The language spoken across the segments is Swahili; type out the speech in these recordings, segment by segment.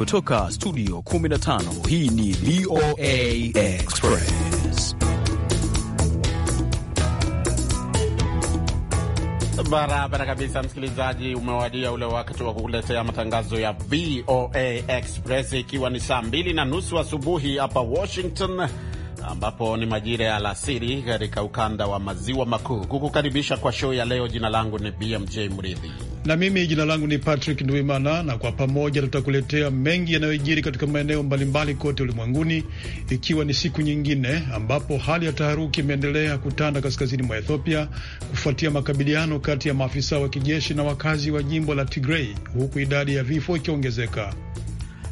kutoka studio 15 hii ni VOA Express barabara kabisa msikilizaji umewadia ule wakati wa kukuletea matangazo ya VOA Express ikiwa ni saa mbili na nusu asubuhi hapa Washington ambapo ni majira ya alasiri katika ukanda wa maziwa makuu. Kukukaribisha kwa show ya leo, jina langu ni BMJ Mridhi na mimi jina langu ni Patrick Ndwimana, na kwa pamoja tutakuletea mengi yanayojiri katika maeneo mbalimbali kote ulimwenguni, ikiwa ni siku nyingine ambapo hali ya taharuki imeendelea kutanda kaskazini mwa Ethiopia kufuatia makabiliano kati ya maafisa wa kijeshi na wakazi wa jimbo la Tigrei, huku idadi ya vifo ikiongezeka.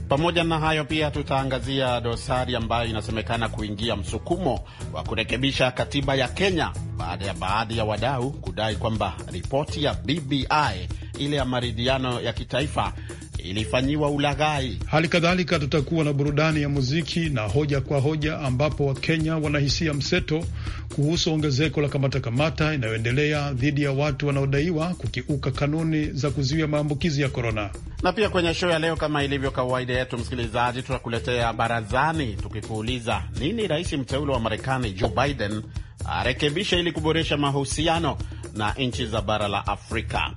Pamoja na hayo pia tutaangazia dosari ambayo inasemekana kuingia msukumo wa kurekebisha katiba ya Kenya baada ya baadhi ya wadau kudai kwamba ripoti ya BBI ile ya maridhiano ya kitaifa ilifanyiwa ulaghai. Hali kadhalika tutakuwa na burudani ya muziki na hoja kwa hoja, ambapo Wakenya wanahisia mseto kuhusu ongezeko la kamata kamata inayoendelea dhidi ya watu wanaodaiwa kukiuka kanuni za kuzuia maambukizi ya korona. Na pia kwenye show ya leo, kama ilivyo kawaida yetu, msikilizaji, tunakuletea barazani tukikuuliza nini rais mteule wa Marekani Joe Biden arekebishe ili kuboresha mahusiano na nchi za bara la Afrika.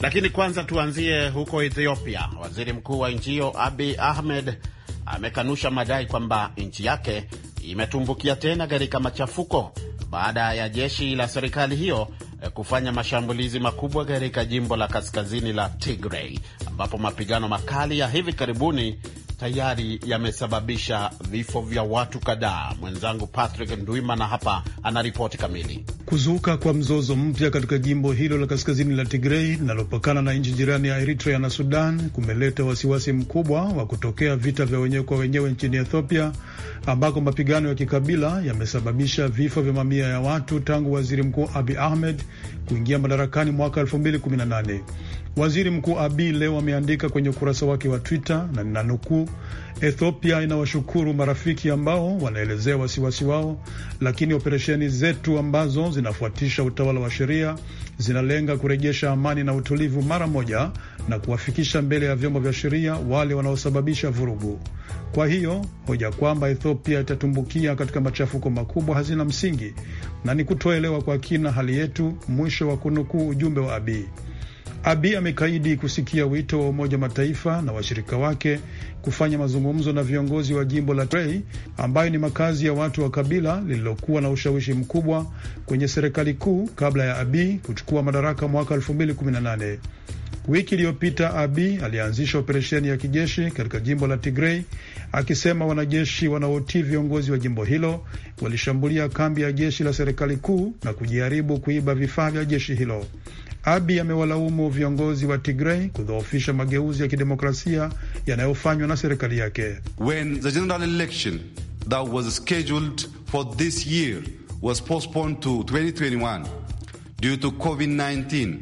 Lakini kwanza tuanzie huko Ethiopia. Waziri mkuu wa nchi hiyo Abi Ahmed amekanusha madai kwamba nchi yake imetumbukia tena katika machafuko baada ya jeshi la serikali hiyo eh, kufanya mashambulizi makubwa katika jimbo la kaskazini la Tigray ambapo mapigano makali ya hivi karibuni tayari yamesababisha vifo vya watu kadhaa. Mwenzangu Patrick Ndwimana hapa ripoti kamili. Kuzuka kwa mzozo mpya katika jimbo hilo la kaskazini la Tigrei linalopakana na nchi jirani ya Eritrea na Sudan kumeleta wasiwasi mkubwa wa kutokea vita vya wenyewe kwa wenyewe nchini Ethiopia, ambako mapigano ya kikabila yamesababisha vifo vya mamia ya watu tangu waziri mkuu Abi Ahmed kuingia madarakani mwaka 2018. Waziri Mkuu abi leo ameandika kwenye ukurasa wake wa Twitter na ninanukuu, Ethiopia inawashukuru marafiki ambao wanaelezea wasiwasi wao, lakini operesheni zetu ambazo zinafuatisha utawala wa sheria zinalenga kurejesha amani na utulivu mara moja na kuwafikisha mbele ya vyombo vya sheria wale wanaosababisha vurugu. Kwa hiyo hoja kwamba Ethiopia itatumbukia katika machafuko makubwa hazina msingi na ni kutoelewa kwa kina hali yetu, mwisho wa kunukuu ujumbe wa Abiy. Abi amekaidi kusikia wito wa Umoja Mataifa na washirika wake kufanya mazungumzo na viongozi wa jimbo la Trei ambayo ni makazi ya watu wa kabila lililokuwa na ushawishi mkubwa kwenye serikali kuu kabla ya abi kuchukua madaraka mwaka 2018. Wiki iliyopita abi alianzisha operesheni ya kijeshi katika jimbo la tigrei akisema wanajeshi wanaotii viongozi wa jimbo hilo walishambulia kambi ya jeshi la serikali kuu na kujaribu kuiba vifaa vya jeshi hilo. Abi amewalaumu viongozi wa Tigrei kudhoofisha mageuzi ya kidemokrasia yanayofanywa na serikali yake. When the general election that was scheduled for this year was postponed to 2021 due to COVID-19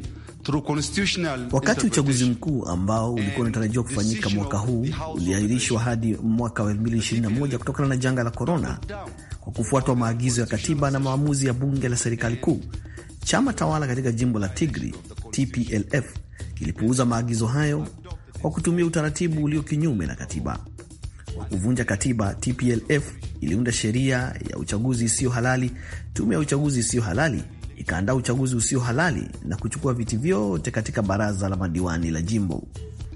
Wakati uchaguzi mkuu ambao ulikuwa unatarajiwa kufanyika mwaka huu uliahirishwa hadi mwaka wa 2021 kutokana na janga la korona, kwa kufuatwa maagizo ya katiba na maamuzi ya bunge la serikali kuu Chama tawala katika jimbo la Tigri, TPLF, kilipuuza maagizo hayo kwa kutumia utaratibu ulio kinyume na katiba. Kwa kuvunja katiba, TPLF iliunda sheria ya uchaguzi isiyo halali, tume ya uchaguzi isiyo halali ikaandaa uchaguzi usio halali na kuchukua viti vyote katika baraza la madiwani la jimbo.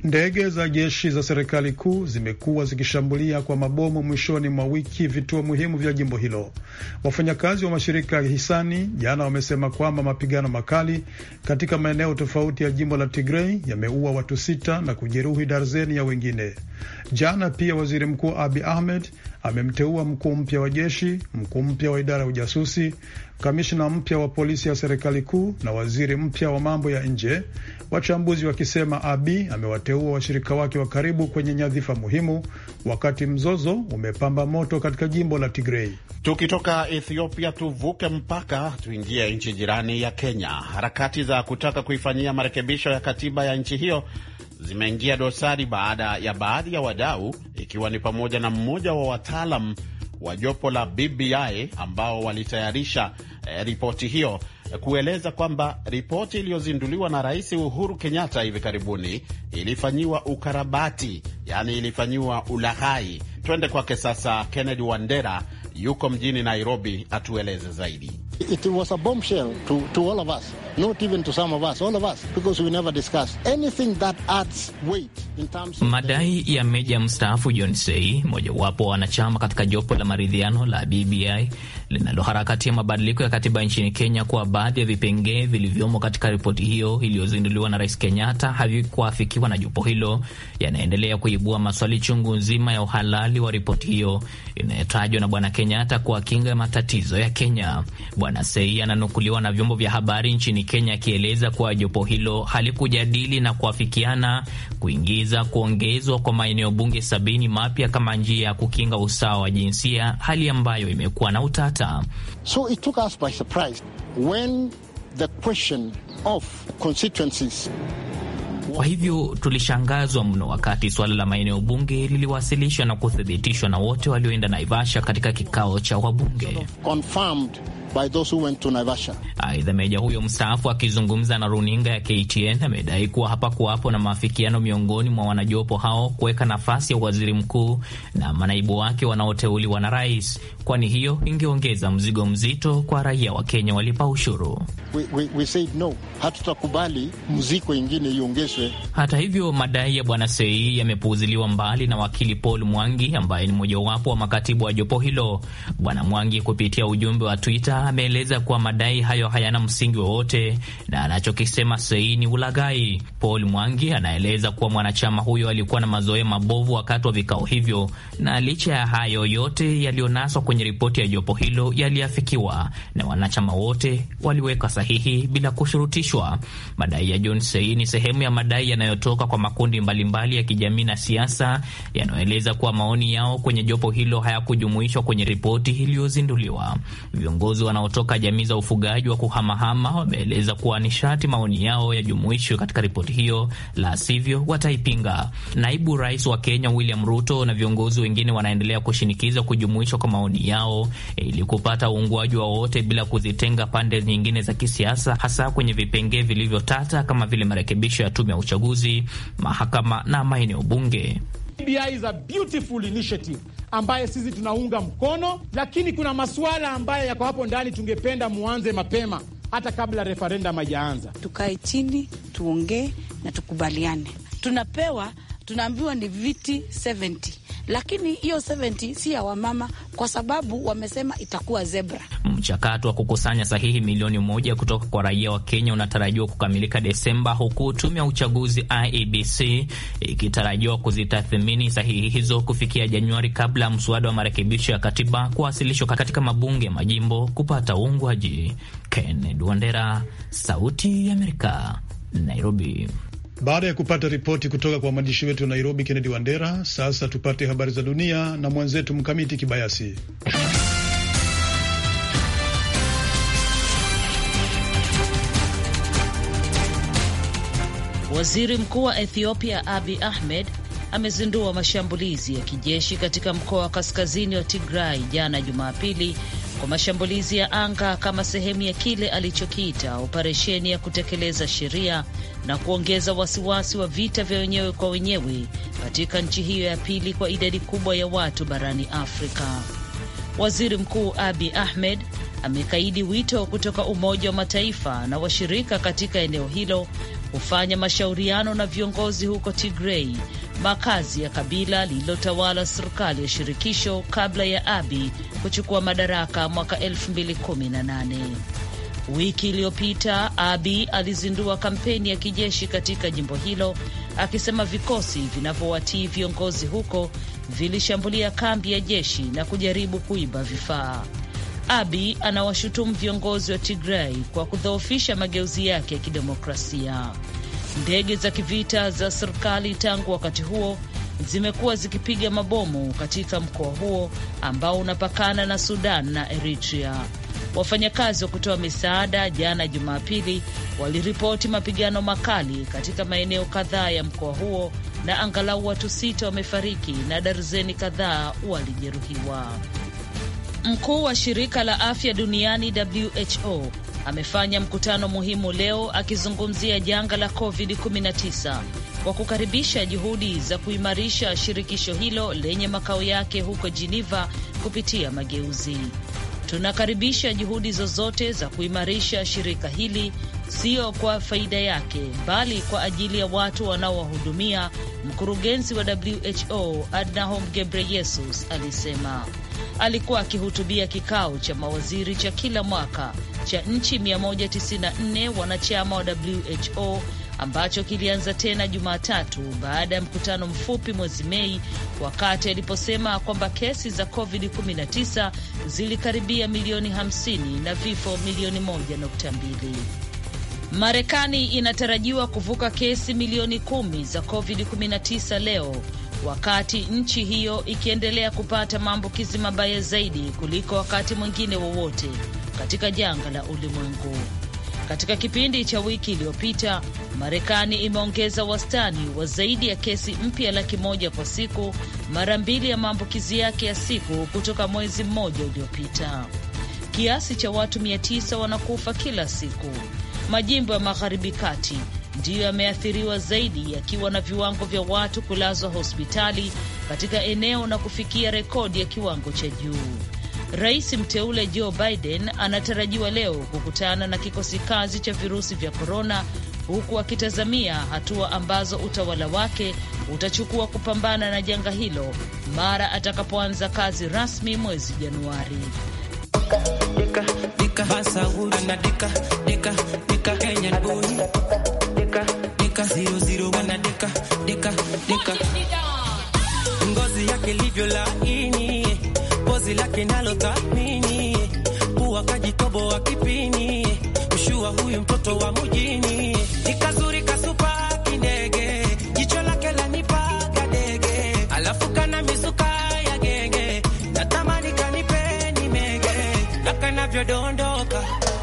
Ndege za jeshi za serikali kuu zimekuwa zikishambulia kwa mabomu mwishoni mwa wiki vituo muhimu vya jimbo hilo. Wafanyakazi wa mashirika ya hisani jana wamesema kwamba mapigano makali katika maeneo tofauti ya jimbo la Tigrei yameua watu sita na kujeruhi darzeni ya wengine. Jana pia waziri mkuu Abi Ahmed amemteua mkuu mpya wa jeshi, mkuu mpya wa idara ya ujasusi, kamishna mpya wa polisi ya serikali kuu na waziri mpya wa mambo ya nje, wachambuzi wakisema Abi amewateua washirika wake wa karibu kwenye nyadhifa muhimu, wakati mzozo umepamba moto katika jimbo la Tigrei. Tukitoka Ethiopia tuvuke mpaka tuingie nchi jirani ya Kenya. Harakati za kutaka kuifanyia marekebisho ya katiba ya nchi hiyo zimeingia dosari baada ya baadhi ya wadau, ikiwa ni pamoja na mmoja wa wataalam wa jopo la BBI ambao walitayarisha eh, ripoti hiyo eh, kueleza kwamba ripoti iliyozinduliwa na Rais Uhuru Kenyatta hivi karibuni ilifanyiwa ukarabati, yaani ilifanyiwa ulaghai. Twende kwake sasa. Kennedy Wandera yuko mjini Nairobi, atueleze zaidi. It was a bombshell to, to all of us, not even to some of us, all of us, because we never discussed anything that adds weight in terms of... Madai ya meja mstaafu John Sei, mojawapo wa wanachama katika jopo la maridhiano la BBI linaloharakatia mabadiliko ya katiba nchini Kenya, kuwa baadhi ya vipengee vilivyomo katika ripoti hiyo iliyozinduliwa na Rais Kenyatta havikuafikiwa na jopo hilo, yanaendelea kuibua maswali chungu nzima ya uhalali wa ripoti hiyo inayotajwa na Bwana Kenyatta kuwa kinga ya matatizo ya Kenya. Bwana Sei ananukuliwa na vyombo vya habari nchini Kenya akieleza kuwa jopo hilo halikujadili na kuafikiana kuingiza kuongezwa kwa maeneo bunge sabini mapya kama njia ya kukinga usawa wa jinsia, hali ambayo imekuwa na utata. So it took us by surprise when the question of constituencies kwa hivyo tulishangazwa mno wakati suala la maeneo bunge liliwasilishwa na kuthibitishwa na wote walioenda Naivasha katika kikao cha wabunge. Confirmed by those who went to Naivasha. Aidha, meja huyo mstaafu akizungumza na runinga ya KTN amedai kuwa hapakuwapo na maafikiano miongoni mwa wanajopo hao kuweka nafasi ya waziri mkuu na manaibu wake wanaoteuliwa na rais, kwani hiyo ingeongeza mzigo mzito kwa raia wa Kenya walipa ushuru. We, we, we said no, hatutakubali mzigo ingine iongezwe. Hata hivyo, madai ya bwana Sei yamepuuziliwa mbali na wakili Paul Mwangi ambaye ni mojawapo wa makatibu wa jopo hilo. Bwana Mwangi kupitia ujumbe wa Twitter ameeleza kuwa madai hayo hayana msingi wowote na anachokisema sei ni ulaghai. Paul Mwangi anaeleza kuwa mwanachama huyo alikuwa na mazoea mabovu wakati wa vikao hivyo, na licha ya hayo yote yaliyonaswa kwenye ripoti ya jopo hilo yaliafikiwa na wanachama wote waliweka sahihi bila kushurutishwa. Madai ya John Sei ni sehemu ya madai yanayotoka kwa makundi mbalimbali mbali ya kijamii na siasa yanayoeleza kuwa maoni yao kwenye jopo hilo hayakujumuishwa kwenye ripoti iliyozinduliwa. Viongozi wanaotoka jamii za ufugaji wa kuhamahama wameeleza kuwa nishati maoni yao yajumuishwe katika ripoti hiyo, la sivyo wataipinga. Naibu rais wa Kenya William Ruto na viongozi wengine wanaendelea kushinikiza kujumuishwa kwa maoni yao ili kupata uungwaji wa bila kuzitenga pande nyingine za kisiasa, hasa kwenye vipengee vilivyotata kama vile marekebisho ya tume ya uchaguzi, mahakama na maeneo bunge. BBI is a beautiful initiative ambayo sisi tunaunga mkono, lakini kuna masuala ambayo yako hapo ndani tungependa mwanze mapema hata kabla referendum haijaanza. Tukae chini tuongee na tukubaliane. Tunapewa, tunaambiwa ni viti 70 lakini hiyo 70 si ya wamama kwa sababu wamesema itakuwa zebra. Mchakato wa kukusanya sahihi milioni moja kutoka kwa raia wa Kenya unatarajiwa kukamilika Desemba, huku tume ya uchaguzi IEBC ikitarajiwa kuzitathmini sahihi hizo kufikia Januari, kabla ya mswada wa marekebisho ya katiba kuwasilishwa katika mabunge ya majimbo kupata uungwaji. Kennedy Wandera, Sauti ya Amerika, Nairobi. Baada ya kupata ripoti kutoka kwa mwandishi wetu wa Nairobi, Kennedy Wandera, sasa tupate habari za dunia na mwenzetu Mkamiti Kibayasi. Waziri Mkuu wa Ethiopia Abi Ahmed amezindua mashambulizi ya kijeshi katika mkoa wa kaskazini wa Tigrai jana Jumapili kwa mashambulizi ya anga kama sehemu ya kile alichokiita operesheni ya kutekeleza sheria na kuongeza wasiwasi wa vita vya wenyewe kwa wenyewe katika nchi hiyo ya pili kwa idadi kubwa ya watu barani Afrika. Waziri Mkuu Abi Ahmed amekaidi wito kutoka Umoja wa Mataifa na washirika katika eneo hilo kufanya mashauriano na viongozi huko Tigrei makazi ya kabila lililotawala serikali ya shirikisho kabla ya abi kuchukua madaraka mwaka 2018. Wiki iliyopita abi alizindua kampeni ya kijeshi katika jimbo hilo akisema vikosi vinavyowatii viongozi huko vilishambulia kambi ya jeshi na kujaribu kuiba vifaa. abi anawashutumu viongozi wa Tigray kwa kudhoofisha mageuzi yake ya kidemokrasia. Ndege za kivita za serikali tangu wakati huo zimekuwa zikipiga mabomu katika mkoa huo ambao unapakana na Sudan na Eritrea. Wafanyakazi wa kutoa misaada jana Jumapili waliripoti mapigano makali katika maeneo kadhaa ya mkoa huo na angalau watu sita wamefariki na darzeni kadhaa walijeruhiwa. Mkuu wa shirika la afya duniani WHO amefanya mkutano muhimu leo akizungumzia janga la COVID-19 kwa kukaribisha juhudi za kuimarisha shirikisho hilo lenye makao yake huko Geneva kupitia mageuzi. Tunakaribisha juhudi zozote za kuimarisha shirika hili sio kwa faida yake, bali kwa ajili ya watu wanaowahudumia. Mkurugenzi wa WHO Adnahom Gebreyesus alisema alikuwa akihutubia kikao cha mawaziri cha kila mwaka cha nchi 194 wanachama wa WHO ambacho kilianza tena Jumatatu baada ya mkutano mfupi mwezi Mei, wakati aliposema kwamba kesi za COVID-19 zilikaribia milioni 50 na vifo milioni 1.2. Marekani inatarajiwa kuvuka kesi milioni kumi za COVID-19 leo wakati nchi hiyo ikiendelea kupata maambukizi mabaya zaidi kuliko wakati mwingine wowote katika janga la ulimwengu. Katika kipindi cha wiki iliyopita, Marekani imeongeza wastani wa zaidi ya kesi mpya laki moja kwa siku, mara mbili ya maambukizi yake ya siku kutoka mwezi mmoja uliopita. Kiasi cha watu 9 wanakufa kila siku Majimbo ya magharibi kati ndiyo yameathiriwa zaidi, yakiwa na viwango vya watu kulazwa hospitali katika eneo na kufikia rekodi ya kiwango cha juu. Rais mteule Joe Biden anatarajiwa leo kukutana na kikosi kazi cha virusi vya korona, huku akitazamia hatua ambazo utawala wake utachukua kupambana na janga hilo mara atakapoanza kazi rasmi mwezi Januari dika dika dika dika dika dika dika ngozi yake livyo laini, pozi lake nalo thamini, kuwa wa kipini, mshua huyu mtoto wa mjini kadondoka,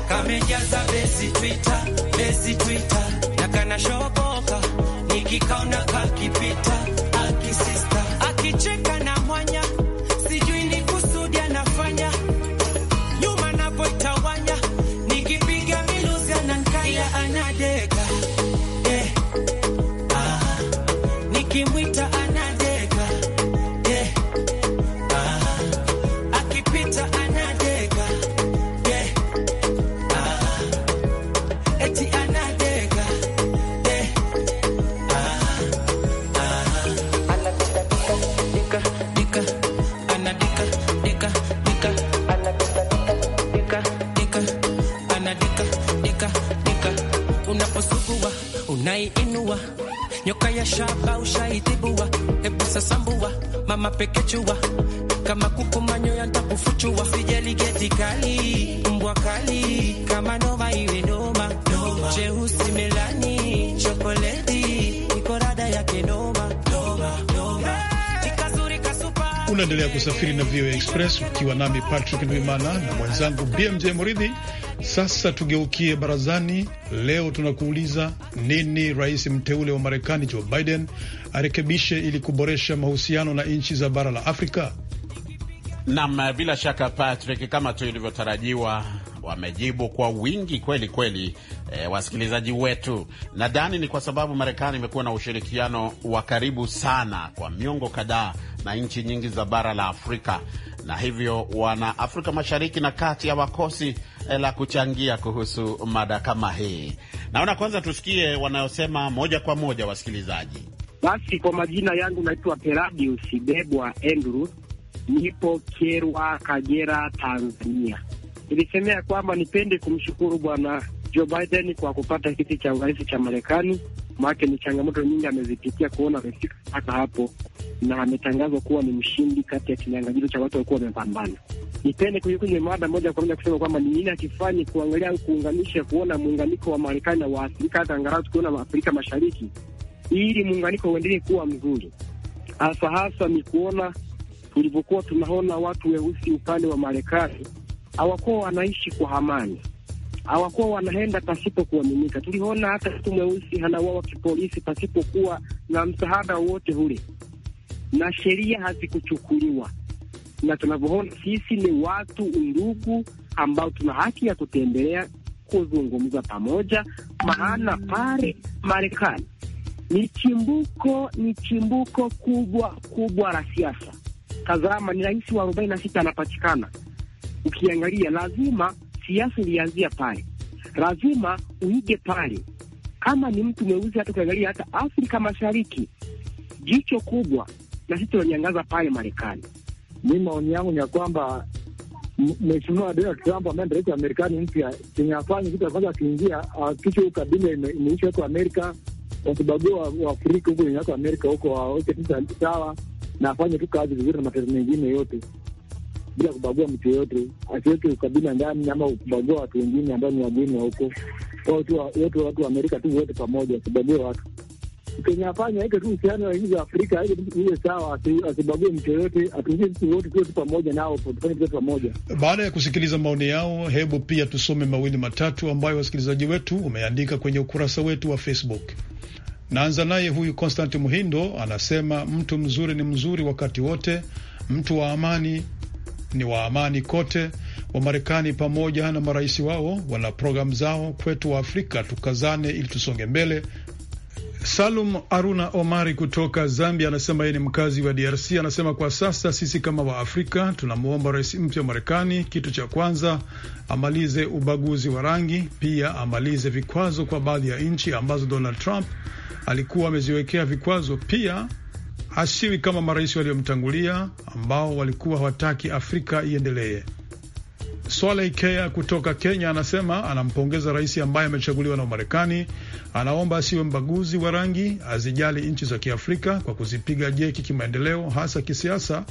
kamejaza besi Twitter, besi Twitter, na kanashokoka, nikikaona kakipita akisista ya shaba ushaitibua, hebu sasa mbua mama pekechua, kama kuku manyoya ntakufuchua, sijali geti kali mbwa kali kama nova iwe noma cheusi melani chokoleti ikorada yake noma unaendelea kusafiri na VOA Express ukiwa nami Patrick Ndwimana na mwenzangu BMJ Muridhi sasa tugeukie barazani. Leo tunakuuliza nini rais mteule wa Marekani Joe Biden arekebishe ili kuboresha mahusiano na nchi za bara la Afrika? Nam, bila shaka Patrick, kama tu ilivyotarajiwa wamejibu kwa wingi kweli kweli, e, wasikilizaji wetu. Nadhani ni kwa sababu Marekani imekuwa na ushirikiano wa karibu sana kwa miongo kadhaa na nchi nyingi za bara la Afrika, na hivyo wana Afrika Mashariki na Kati hawakosi eh, la kuchangia kuhusu mada kama hii. Naona kwanza tusikie wanayosema moja kwa moja wasikilizaji. Basi, kwa majina yangu naitwa Peradius Bebwa Andrew, nipo Kerwa, Kagera, Tanzania nilisemea kwamba nipende kumshukuru Bwana Joe Biden kwa kupata kiti cha urais cha Marekani, maake ni changamoto nyingi amezipitia kuona amefika mpaka hapo, na ametangazwa kuwa ni mshindi kati ya kinyang'anyiro cha watu walikuwa wamepambana. Nipende kuikunywa mada moja kwa moja kusema kwamba ni nini akifanyi kuangalia kuunganisha, kuona muunganiko wa Marekani na Waafrika, hata angalau tukiona Afrika Mashariki, ili muunganiko uendelee kuwa mzuri, hasa hasa ni kuona tulivyokuwa tunaona watu weusi upande wa Marekani hawakuwa wanaishi kwa amani, hawakuwa wanaenda pasipo kuaminika. Tuliona hata mtu mweusi wa kipolisi pasipokuwa na msaada wowote ule, na sheria hazikuchukuliwa. Na tunavyoona sisi ni watu ndugu, ambao tuna haki ya kutembelea, kuzungumza pamoja, maana pale Marekani ni chimbuko ni chimbuko kubwa kubwa la siasa. Tazama, ni rais wa arobaini na sita anapatikana ukiangalia, lazima siasa ilianzia pale, lazima uige pale. Kama ni mtu mweusi, hata ukiangalia hata Afrika Mashariki, jicho kubwa na sisi tunaniangaza pale Marekani. Mi maoni yangu ni ya kwamba Mheshimiwa Donald Trump ambaye amepeleka Marekani mpya, chenye afanye kitu kwanza, akiingia akicho ukabila imeisha huko Amerika, wasibagua Waafrika huko wenye wako Amerika huko waweke tisa sawa, na afanye tu kazi vizuri na mataifa mengine yote bila kubagua mtu yoyote, asiweke ukabila ndani ama kubagua watu wengine ambao ni wageni wa huko kwao tu, wote watu wa Amerika tu wote pamoja, asibague watu. Kenya afanya aweke tu uhusiano wa nchi za Afrika uwe sawa, asibague mtu yoyote, atungie mtu wote tuwe tu pamoja nao, tufanye tu pamoja. Baada ya kusikiliza maoni yao, hebu pia tusome mawili matatu ambayo wasikilizaji wetu wameandika kwenye ukurasa wetu wa Facebook. Naanza naye huyu Constant Muhindo anasema, mtu mzuri ni mzuri wakati wote, mtu wa amani, ni wa amani kote. Wamarekani pamoja na marais wao wana programu zao. Kwetu wa Afrika tukazane ili tusonge mbele. Salum Aruna Omari kutoka Zambia anasema yeye ni mkazi wa DRC. Anasema kwa sasa sisi kama Waafrika tunamwomba rais mpya wa Marekani, kitu cha kwanza amalize ubaguzi wa rangi, pia amalize vikwazo kwa baadhi ya nchi ambazo Donald Trump alikuwa ameziwekea vikwazo, pia hasiwi kama marais waliomtangulia ambao walikuwa hawataki Afrika iendelee. Swala Ikea kutoka Kenya anasema anampongeza rais ambaye amechaguliwa na marekani Anaomba asiwe mbaguzi wa rangi, azijali nchi za Kiafrika kwa kuzipiga jeki kimaendeleo, hasa kisiasa,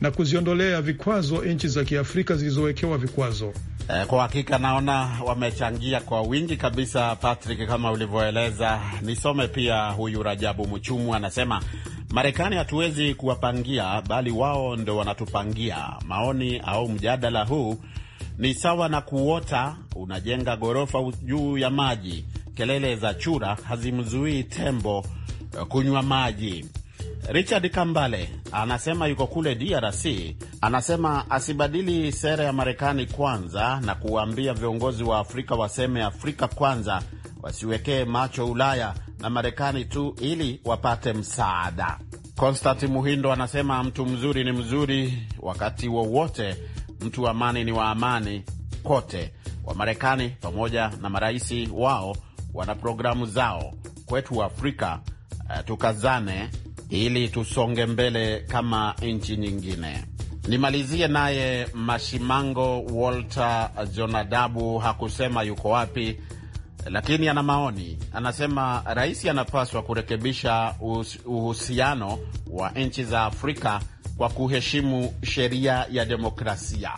na kuziondolea vikwazo nchi za Kiafrika zilizowekewa vikwazo. Eh, kwa hakika naona wamechangia kwa wingi kabisa, Patrick, kama ulivyoeleza. Nisome pia huyu Rajabu Mchumu anasema Marekani hatuwezi kuwapangia, bali wao ndo wanatupangia. Maoni au mjadala huu ni sawa na kuota unajenga ghorofa juu ya maji. Kelele za chura hazimzuii tembo eh, kunywa maji. Richard Kambale anasema yuko kule DRC, anasema asibadili sera ya Marekani kwanza na kuwaambia viongozi wa Afrika waseme Afrika kwanza, wasiwekee macho Ulaya na Marekani tu ili wapate msaada. konstanti Muhindo anasema mtu mzuri ni mzuri wakati wowote wa mtu wa amani ni wa amani kote. Wamarekani pamoja na maraisi wao wana programu zao. Kwetu Afrika uh, tukazane ili tusonge mbele kama nchi nyingine. Nimalizie naye Mashimango Walter Jonadabu, hakusema yuko wapi lakini ana maoni, anasema rais anapaswa kurekebisha uhusiano wa nchi za Afrika kwa kuheshimu sheria ya demokrasia.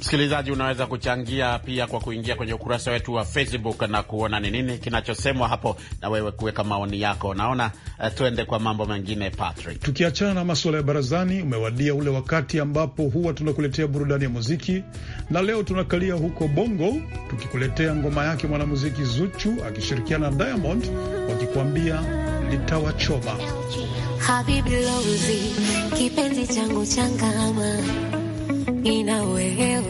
Msikilizaji, unaweza kuchangia pia kwa kuingia kwenye ukurasa wetu wa Facebook na kuona ni nini kinachosemwa hapo, na wewe kuweka maoni yako. Naona uh, eh, tuende kwa mambo mengine Patrick. Tukiachana na masuala ya barazani, umewadia ule wakati ambapo huwa tunakuletea burudani ya muziki, na leo tunakalia huko Bongo tukikuletea ngoma yake mwanamuziki Zuchu akishirikiana na Diamond wakikuambia litawachoma. Habibi Lozi, kipenzi changu changama ina wewe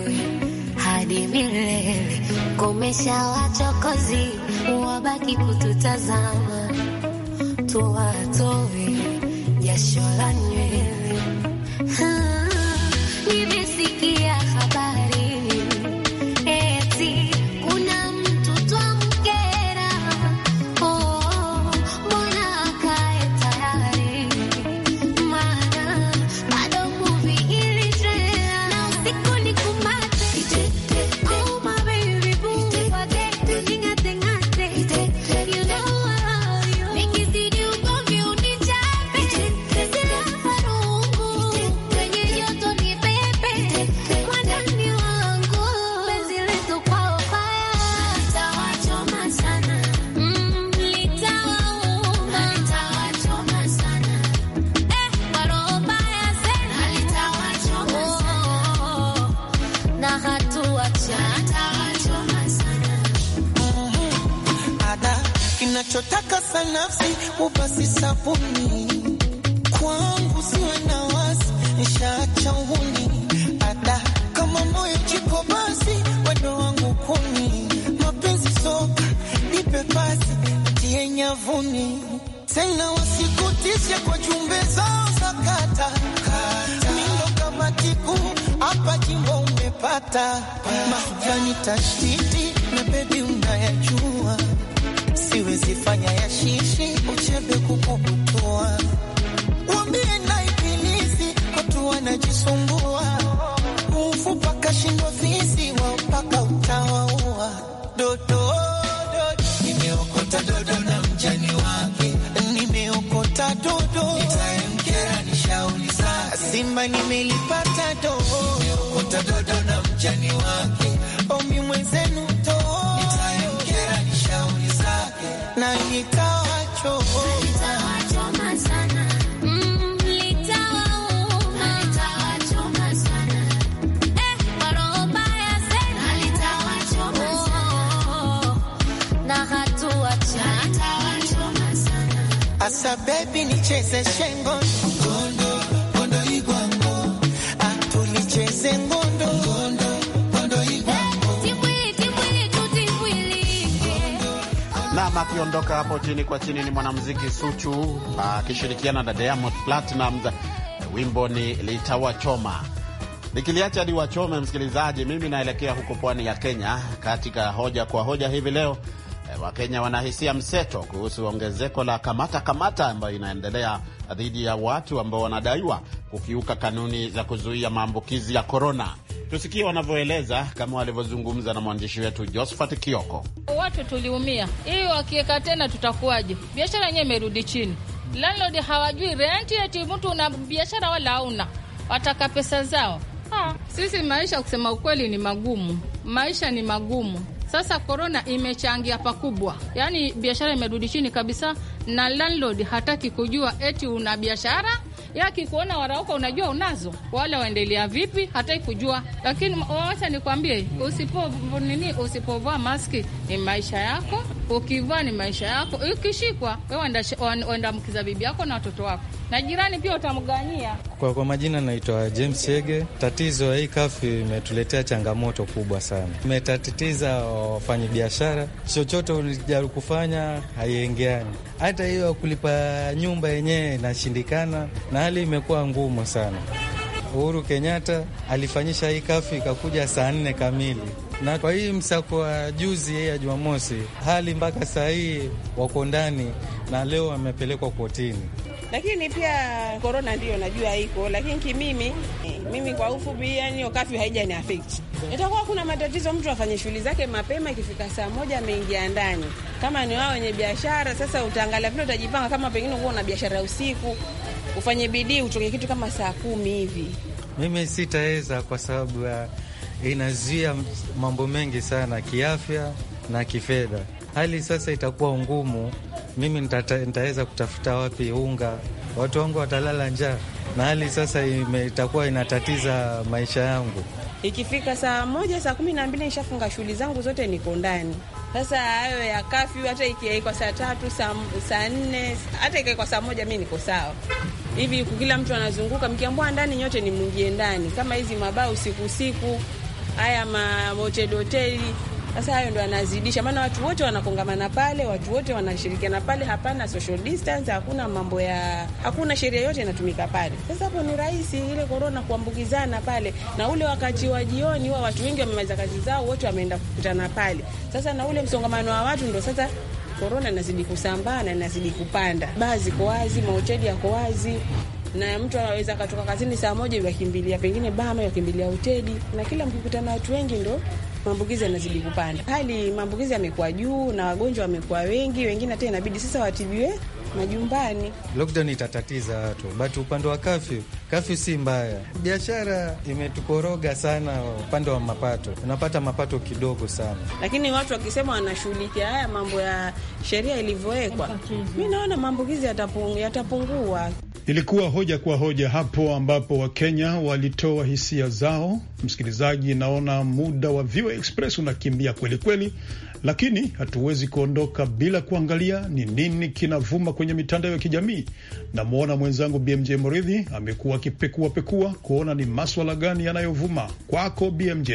hadi milele. Komesha wachokozi, wabaki kututazama, tuwatowe jasho la nywele nachotaka sanafsi ubasi sabuni kwangu siwe na wasi nishachauni ada kama moyo chiko basi wendo wangu kumi mapenzi soka nipe basi tie nyavuni tena wasikutishe kwa jumbe zao za kata mindo kama kiku hapa jimbo umepata mahujani tashiti na bebi unayajua siwezi fanya ya shishi uchebe kukubutua wambie na ibilisi kotu wanajisumbua kufu paka shindo sasa nicheze shengo nam. Ah, akiondoka hapo chini kwa chini, ni mwanamuziki Suchu akishirikiana na Diamond Platnumz, wimbo ni litawachoma Nikiliacha liwachome wachome, msikilizaji, mimi naelekea huko pwani ya Kenya katika hoja kwa hoja hivi leo. Wakenya wanahisia mseto kuhusu ongezeko la kamata kamata ambayo inaendelea dhidi ya watu ambao wanadaiwa kukiuka kanuni za kuzuia maambukizi ya korona. Tusikie wanavyoeleza kama walivyozungumza na mwandishi wetu Josephat Kioko. Watu tuliumia, hii wakiweka tena tutakuwaje? Biashara yenyewe imerudi chini, landlord hawajui renti, eti mtu una biashara wala hauna, wataka pesa zao. Ha, ah, sisi maisha kusema ukweli ni magumu, maisha ni magumu sasa korona imechangia pakubwa, yaani biashara imerudi chini kabisa, na landlord hataki kujua eti una biashara yaki kuona warauka, unajua unazo wale waendelea vipi, hataki kujua. Lakini wacha nikwambie, usipo nini, usipovaa maski ni maisha yako ukivaa ni maisha yako, ukishikwa wewe waendamkiza bibi yako na watoto wako na jirani pia utamganyia. Kwa, kwa majina naitwa James Chege. Tatizo ya hii kafu imetuletea changamoto kubwa sana, imetatiza wafanyabiashara, chochote ulijaribu kufanya haiengeani, hata hiyo kulipa nyumba yenyewe inashindikana, na hali imekuwa ngumu sana. Uhuru Kenyatta alifanyisha hii kafu ikakuja saa nne kamili, na kwa hii msako wa juzi yeye ya Jumamosi, hali mpaka saa hii wako ndani na leo wamepelekwa kotini. Lakini pia korona ndiyo najua iko, lakini kimimi mimi kwa ufupi, yani hiyo kafyu ni affect. Itakuwa kuna matatizo, mtu afanye shughuli zake mapema, ikifika saa moja ameingia ndani. Kama ni wao wenye biashara, sasa utaangalia vile utajipanga, kama pengine uko na biashara usiku ufanye bidii utoke kitu kama saa kumi hivi. Mimi sitaweza kwa sababu uh, inazuia mambo mengi sana kiafya na kifedha. Hali sasa itakuwa ngumu, mimi nitaweza kutafuta wapi unga? Watu wangu watalala njaa, na hali sasa ime, itakuwa inatatiza maisha yangu. Ikifika saa moja saa kumi na mbili nishafunga shughuli zangu zote, niko ndani sasa. Hayo ya kafyu, hata ikiaikwa saa tatu saa, nne hata ikiaikwa saa moja mi niko sawa hivi, kila mtu anazunguka, mkiambua ndani nyote ni mwingie ndani, kama hizi mabao siku siku, haya mahoteli hoteli sasa hayo ndo anazidisha, maana watu wote wanakongamana pale, watu wote wanashirikiana pale, hapana social distance, hakuna mambo ya, hakuna sheria yote inatumika pale. Sasa hapo ni rahisi ile korona kuambukizana pale, na ule wakati wa jioni huwa watu wengi wamemaliza kazi zao, wote wameenda kukutana pale. Sasa na ule msongamano wa watu ndo sasa korona inazidi kusambaa na inazidi kupanda. Baa ziko wazi, mahoteli yako wazi, na mtu anaweza akatoka kazini saa moja iwakimbilia pengine baa ama yakimbilia hoteli, na kila mkikutana watu wengi ndo maambukizi yanazidi kupanda. Hali maambukizi yamekuwa juu na wagonjwa wamekuwa wengi, wengine hata inabidi sasa watibiwe majumbani. Lockdown itatatiza watu, but upande wa kafyu, kafyu si mbaya. Biashara imetukoroga sana upande wa mapato, unapata mapato kidogo sana, lakini watu wakisema wanashughulikia haya mambo ya sheria ilivyowekwa, mi naona maambukizi yatapungua. Ilikuwa hoja kwa hoja hapo ambapo Wakenya walitoa hisia zao. Msikilizaji, naona muda wa VOA Express unakimbia kwelikweli kweli lakini hatuwezi kuondoka bila kuangalia ni nini kinavuma kwenye mitandao ya kijamii. Namwona mwenzangu BMJ Mridhi amekuwa akipekuapekua kuona ni maswala gani yanayovuma. Kwako BMJ.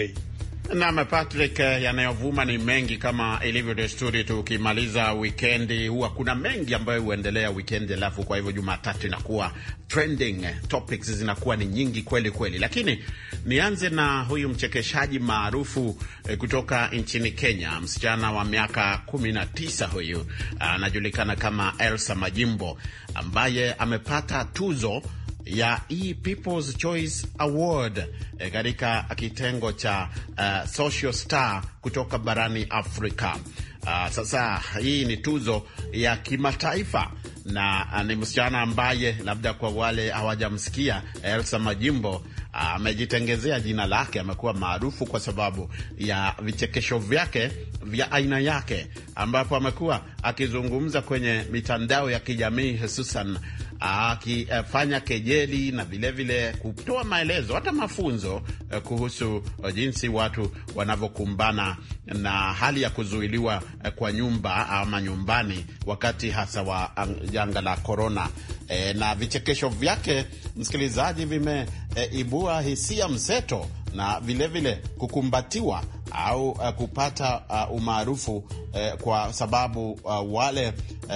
Nam Patrick, eh, yanayovuma ni mengi kama ilivyo desturi. Tukimaliza wikendi, huwa kuna mengi ambayo huendelea wikendi, alafu kwa hivyo Jumatatu inakuwa trending eh, topics zinakuwa ni nyingi kweli kweli. Lakini nianze na huyu mchekeshaji maarufu eh, kutoka nchini Kenya, msichana wa miaka 19 huyu anajulikana ah, kama Elsa Majimbo ambaye amepata tuzo ya e People's Choice Award eh, katika kitengo cha uh, social star kutoka barani Afrika. Uh, sasa hii ni tuzo ya kimataifa na ah, ni msichana ambaye labda kwa wale hawajamsikia Elsa Majimbo ah, amejitengezea uh, jina lake. Amekuwa maarufu kwa sababu ya vichekesho vyake vya aina yake, ambapo amekuwa akizungumza kwenye mitandao ya kijamii hususan akifanya kejeli na vilevile kutoa maelezo hata mafunzo eh, kuhusu eh, jinsi watu wanavyokumbana na hali ya kuzuiliwa eh, kwa nyumba ama nyumbani wakati hasa wa janga la korona. E, na vichekesho vyake msikilizaji, vimeibua e, hisia mseto na vilevile vile kukumbatiwa au uh, kupata uh, umaarufu uh, kwa sababu uh, wale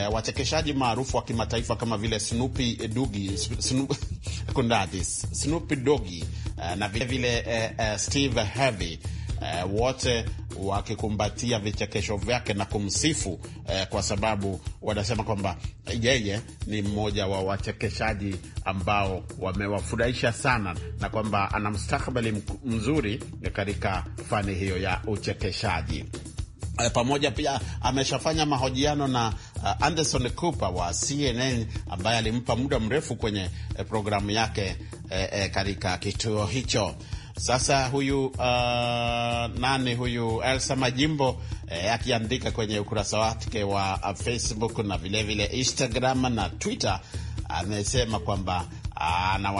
uh, wachekeshaji maarufu wa kimataifa kama vile Snoopy dogi Snoop, kundadhi Snoopy uh, na vilevile vile, uh, uh, Steve Harvey uh, wote wakikumbatia vichekesho vyake na kumsifu eh, kwa sababu wanasema kwamba yeye ni mmoja wa wachekeshaji ambao wamewafurahisha sana na kwamba ana mustakabali mzuri katika fani hiyo ya uchekeshaji. Eh, pamoja pia ameshafanya mahojiano na eh, Anderson Cooper wa CNN ambaye alimpa muda mrefu kwenye eh, programu yake e, e, katika kituo hicho. Sasa huyu uh, nani huyu Elsa Majimbo eh, akiandika kwenye ukurasa wake wa uh, Facebook na vilevile vile Instagram na Twitter amesema kwamba uh,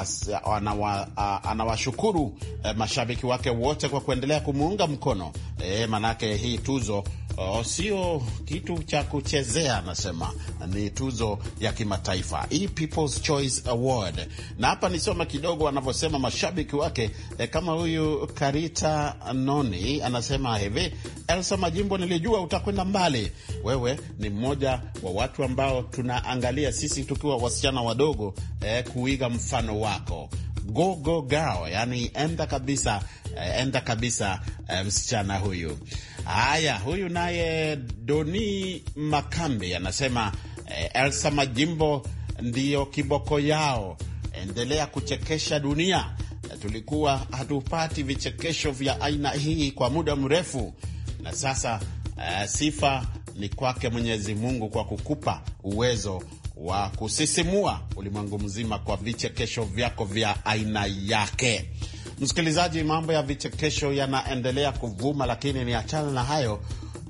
uh, anawashukuru anawa eh, mashabiki wake wote kwa kuendelea kumuunga mkono eh, manake hii tuzo oh, sio kitu cha kuchezea, anasema ni tuzo ya kimataifa hii, People's Choice Award. Na hapa nisoma kidogo wanavyosema mashabiki wake eh, kama huyu Karita Noni anasema hivi: Elsa Majimbo, nilijua utakwenda mbali, wewe ni mmoja wa watu ambao tunaangalia sisi tukiwa wasichana wadogo eh, kuiga mfano wako Go, go, girl, yani enda kabisa, e, enda kabisa, e, msichana huyu Haya, huyu naye Doni Makambi anasema eh, Elsa Majimbo ndiyo kiboko yao, endelea kuchekesha dunia. Tulikuwa hatupati vichekesho vya aina hii kwa muda mrefu, na sasa eh, sifa ni kwake Mwenyezi Mungu kwa kukupa uwezo wa kusisimua ulimwengu mzima kwa vichekesho vyako vya aina yake. Msikilizaji, mambo ya vichekesho yanaendelea kuvuma, lakini niachana na hayo,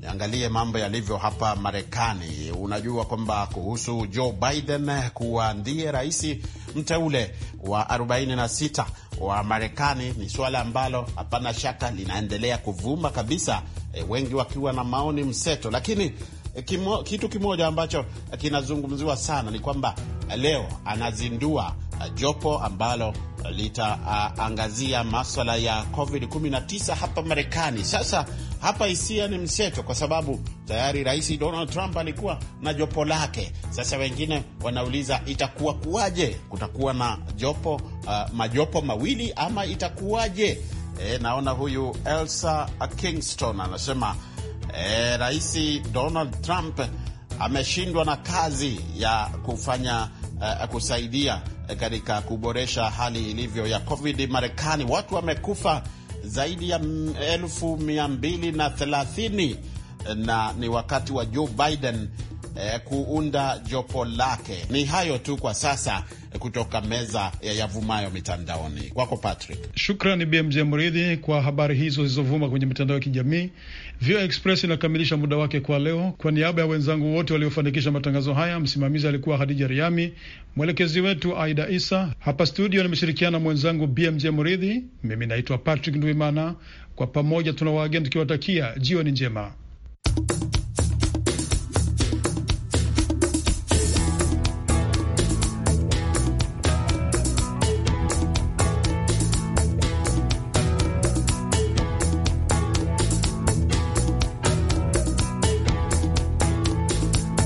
niangalie mambo yalivyo hapa Marekani. Unajua kwamba kuhusu Joe Biden kuwa ndiye rais mteule wa 46 wa Marekani ni suala ambalo hapana shaka linaendelea kuvuma kabisa, e, wengi wakiwa na maoni mseto, lakini e, kimo, kitu kimoja ambacho kinazungumziwa sana ni kwamba leo anazindua Uh, jopo ambalo litaangazia maswala ya COVID-19 hapa Marekani. Sasa hapa hisia ni mseto, kwa sababu tayari Rais Donald Trump alikuwa na jopo lake. Sasa wengine wanauliza itakuwa kuwaje? Kutakuwa na jopo uh, majopo mawili ama itakuwaje? E, naona huyu Elsa Kingston anasema e, Rais Donald Trump ameshindwa na kazi ya kufanya uh, kusaidia eh, katika kuboresha hali ilivyo ya COVID Marekani. Watu wamekufa zaidi ya mm, elfu mia mbili na thelathini eh, na ni wakati wa Joe Biden eh, kuunda jopo lake. Ni hayo tu kwa sasa eh, kutoka meza ya yavumayo mitandaoni. Kwako Patrick. Shukrani BMJ Mridhi kwa habari hizo zilizovuma kwenye mitandao ya kijamii. VOA Express inakamilisha muda wake kwa leo. Kwa niaba ya wenzangu wote waliofanikisha matangazo haya, msimamizi alikuwa Hadija Riami, mwelekezi wetu Aida Isa. Hapa studio nimeshirikiana mwenzangu BMJ Mridhi. Mimi naitwa Patrick Ndwimana. Kwa pamoja tuna waageni tukiwatakia jioni njema.